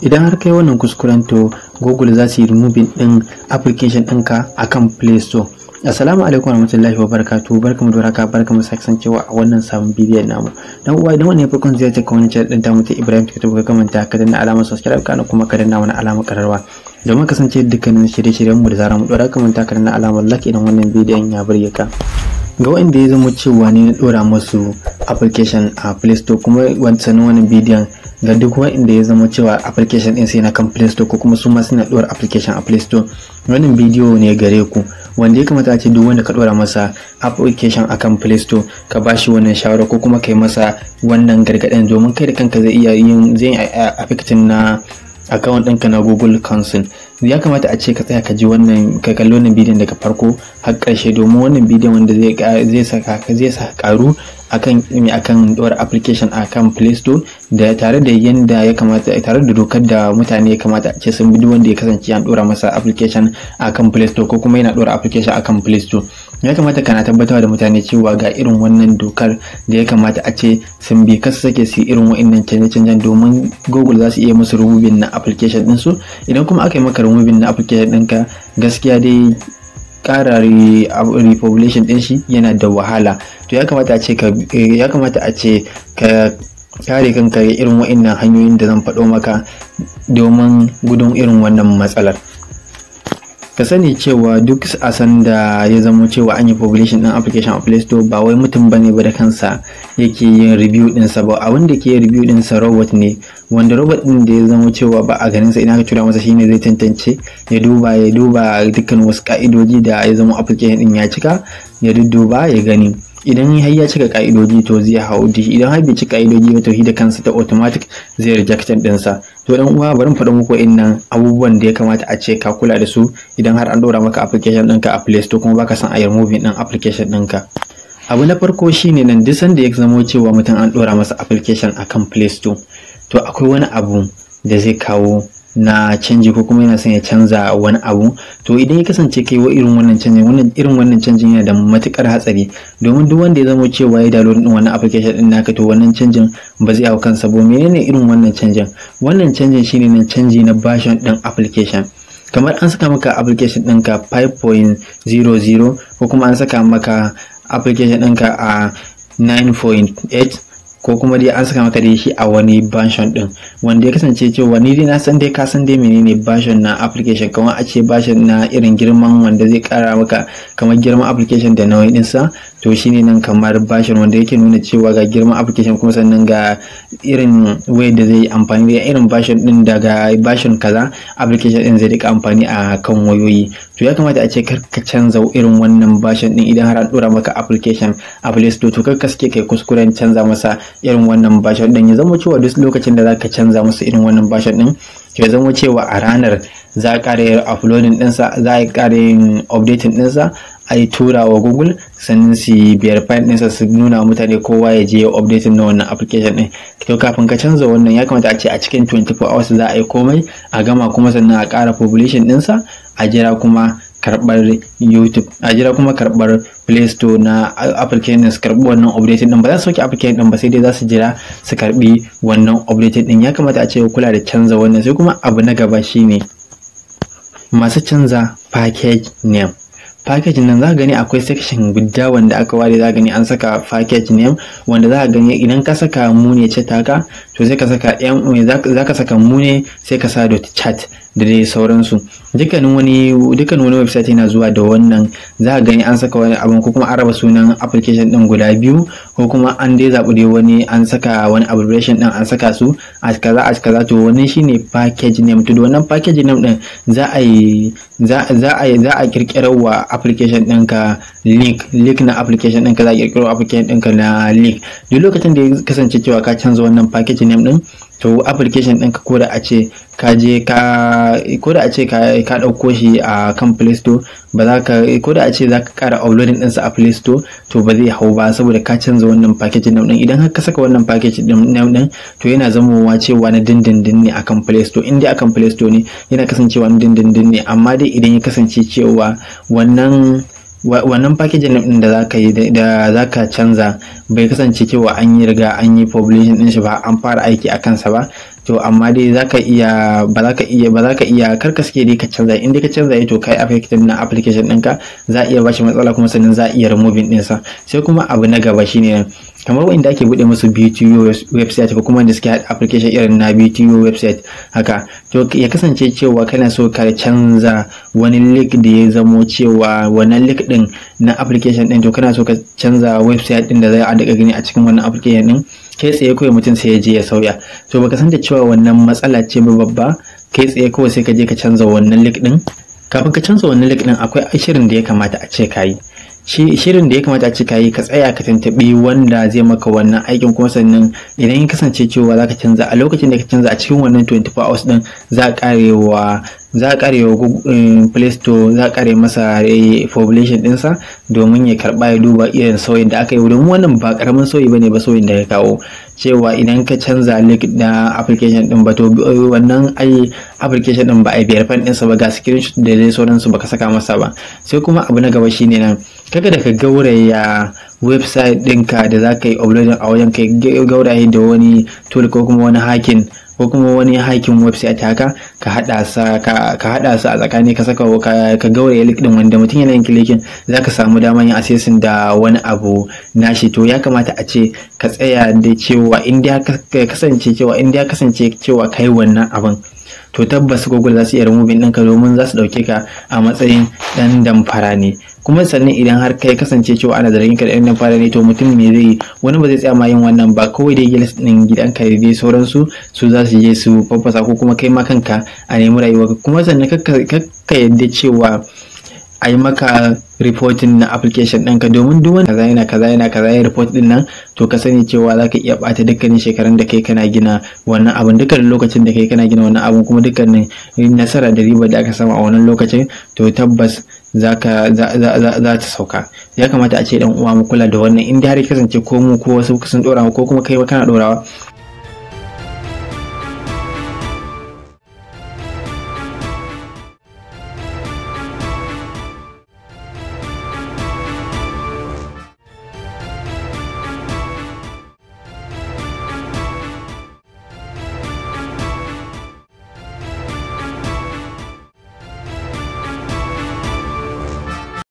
idan har kai wannan kuskuren to google za su yi removing din application ɗinka akan play store Assalamu alaikum warahmatullahi wabarakatuh barkamu da warhaka barkamu sake kasancewa a wannan sabon bidiyon namu dan uwa idan wannan farkon ziyarta ka wani channel din tamu mutu Ibrahim ka tabbata ta ka danna alamar subscribe kana kuma ka danna wani alamar kararwa domin kasance dukkanin shirye-shiryen mu da zaran mu kamar ta ka danna alamar like idan wannan bidiyon ya burge ka ga wanda ya zama cewa ne na dora musu application a Play Store kuma sanin wannan bidiyon ga duk wa'inda ya zama cewa application din sai na kan play store ko kuma su ma suna ɗora application a play store wannan bidiyo ne gare ku wanda ya kamata a ce duk wanda ka ɗora masa application akan play store ka bashi wannan shawara ko kuma kai masa wannan gargaɗin domin kai da kanka zai iya yin zai eh, affecting na account ɗinka na Google Council ya kamata a ce ka tsaya ka ji wannan ka kalli wannan bidiyon daga farko har ƙarshe domin wannan bidiyon wanda zai zai saka zai saka karu akan eh, akan ɗora application akan Play Store da tare da yanda ya kamata eh, tare da dokar da mutane ya kamata ce sun bi wanda ya kasance an dora masa application akan Play Store ko kuma yana dora application akan Play Store ya kamata kana tabbatar da mutane cewa ga irin wannan dokar da ya kamata a ce sun bi kasu sake su irin wa'annan canje-canjen domin Google za su iya musu rububin na application din su idan kuma aka yi maka rububin na application ka gaskiya dai ƙara repopulation ɗin shi yana da wahala to ya kamata a ce ka eh, ya kamata ka kare kanka irin wa'annan hanyoyin da zan faɗo maka domin gudun irin wannan matsalar ka sani cewa duk a san da ya zamo cewa an yi population din application a play store ba wai mutum bane ba da kansa yake yin review din sa ba abin da ke review din sa robot ne wanda robot din da ya zamo cewa ba a ganin sa idan ka tura masa shine zai tantance ya duba ya duba dukkan wasu ka'idoji da ya zamo application din ya cika ya dudduba ya gani idan har ya cika ka'idoji to zai hau idan har bai ci ka'idoji ba to da kansa ta automatic zai reject din sa to dan uwa bari mu faɗa muku innan abubuwan da ya kamata a ce ka kula da su idan har an dora maka application ɗinka a Play Store kuma baka san a yi movie ɗin application ɗinka abu na farko shine nan duk sanda ya zama cewa mutum an ɗora masa application akan Play Store to akwai wani abu da zai kawo na canji ko kuma yana son ya canza wani abu to idan ya kasance kai wa irin wannan canjin wannan irin wannan canjin yana da matukar hatsari domin duk wanda ya zama cewa ya dalo din wannan application din naka to wannan canjin ba zai hau kansa ba menene irin wannan canjin wannan canjin shine na canji na version din application kamar an saka maka application ɗinka 5.00 ko kuma an saka maka application ɗinka a 9.8 ko kuma dai an saka maka dai shi a wani version din wanda ya kasance cewa ni dai na san dai ka san dai menene version na application kamar a ce version na irin girman wanda zai kara maka kamar girman application da nauyin dinsa to shine nan kamar version wanda yake nuna cewa ga girman application kuma sannan ga irin way da zai amfani da irin version din daga version kaza application din zai rika amfani a kan wayoyi to ya kamata a ce kar ka canza irin wannan version din idan har an dora maka application a Play Store to kar ka sake kai kuskuren canza masa irin wannan bashar din ya zama cewa duk lokacin da zaka canza musu irin wannan bashar din ya zama cewa a ranar za a ƙara yin uploading ɗinsa za a ƙara yin updating ɗinsa a yi tura wa google sannan su yi biyar fayin ɗinsa su nuna mutane kowa ya je updating na wannan application ɗin to kafin ka canza wannan ya kamata a ce a cikin 24 hours za a yi komai a gama kuma sannan a ƙara population ɗinsa a jira kuma karbar YouTube a jira kuma karbar Play Store na application su karɓi wannan updated din ba za su soke apple kenan ba sai dai za su jira su karbi wannan updated din ya kamata a ce kula da canza wannan sai kuma abu na gaba shine masu canza package name package nan za gani akwai section guda wanda aka ware za gani an saka package name wanda za gani idan ka saka mu ne ce to sai ka saka m za ka saka mu ne sai ka sa dot chat da dai sauransu dukkanin wani dukkanin wani website yana zuwa da wannan za a gani an saka wani abin ko kuma an raba sunan application din guda biyu ko kuma an dai zaɓi dai wani an saka wani abbreviation din an saka su a kaza a kaza to wani shine package name to da wannan package name din za a yi za a za a wa application ɗinka link link na application ɗinka za a wa application ɗinka na link duk lokacin da ya kasance cewa ka canza wannan package name din to application ɗinka ko da a ce ka je ka ko a ce ka ɗauko shi a kan play store ba za ka ko da a ce za ka ƙara uploading ɗinsa a play store to ba zai hau ba saboda ka canza wannan package ɗin ɗin idan har ka saka wannan package ɗin ɗin to yana zamowa cewa na dindindin ne akan play store in dai akan play store ne yana kasancewa na dindindin ne amma dai idan ya kasance cewa wannan wannan package din da zaka yi da zaka canza bai kasance cewa an yi riga an yi publishing din shi ba an fara aiki a kansa ba to amma dai zaka iya ba zaka iya ba zaka iya karka suke dai ka canza in dai ka canza eh to kai affected na application ɗinka za a iya bashi matsala kuma sannan za a iya removing ɗinsa sai kuma abu na gaba shine kamar wainda ake bude musu BTO website ko kuma wanda suke haɗa application irin na BTO website haka to ya kasance cewa kana so ka canza wani link da ya zamo cewa wannan link din na application din to kana so ka canza website din da za a daga gani a cikin wannan application din kai tsaye kawai mutum sai ya je ya sauya to baka san da cewa wannan matsala ce babba kai tsaye kawai sai ka je ka canza wannan link din kafin ka canza wannan link din akwai shirin da ya kamata a ce ka yi shirin da ya kamata ce ka yi ka tsaya ka tantabi wanda zai maka wannan aikin kuma sannan idan ya kasance cewa ka canza a lokacin da ka canza a cikin wannan 24 hours din za karewa za karewa eh, play store za kare masa population eh, dinsa domin ya karba ya duba irin sauyin da aka yi domin wannan ba karamin sauyi bane ba sauyin da ya kawo cewa idan ka canza link na application din ba to eh, wannan ai application din ba ai biyar fan ɗinsa ba ga screenshot da dai sauransu baka saka masa ba sai kuma abu na gaba shine nan kaga da ka gauraya website ɗinka da za ka yi uploading a wajen ka gauraye da wani tool ko kuma wani hakin ko kuma wani hakin website haka ka hada sa ka hada sa a tsakani ka saka ka gauraya link din wanda mutum yana yin clicking ka samu daman yin assessing da wani abu nashi to ya kamata a ce ka tsaya da cewa in ya kasance cewa in ya kasance cewa kai wannan abin to tabbas google za su iya removing ɗinka domin za su ɗauke ka a matsayin ɗan damfara ne kuma sannan idan har kai kasance cewa ana zargin ka da ɗan damfara ne to mutum me zai wani ba zai tsaya ma yin wannan ba kawai dai gilas ɗin gidanka da dai sauransu su za su je su fafasa ko kuma kai ma kanka a nemi rayuwa kuma sannan kakka yadda cewa a yi maka reporting na application ɗinka domin duk wani kaza yana kaza yana kaza ya report ɗin nan to ka sani cewa za ka iya ɓata dukkanin shekarun da kai kana gina wannan abun dukkanin lokacin da kai kana gina wannan abun kuma dukkanin nasara da riba da aka samu a wannan lokacin to tabbas za ta sauka ya kamata a ce dan uwa mu kula da wannan in dai har kasance ko mu ko wasu sun dorawa ko kuma kai kana dorawa.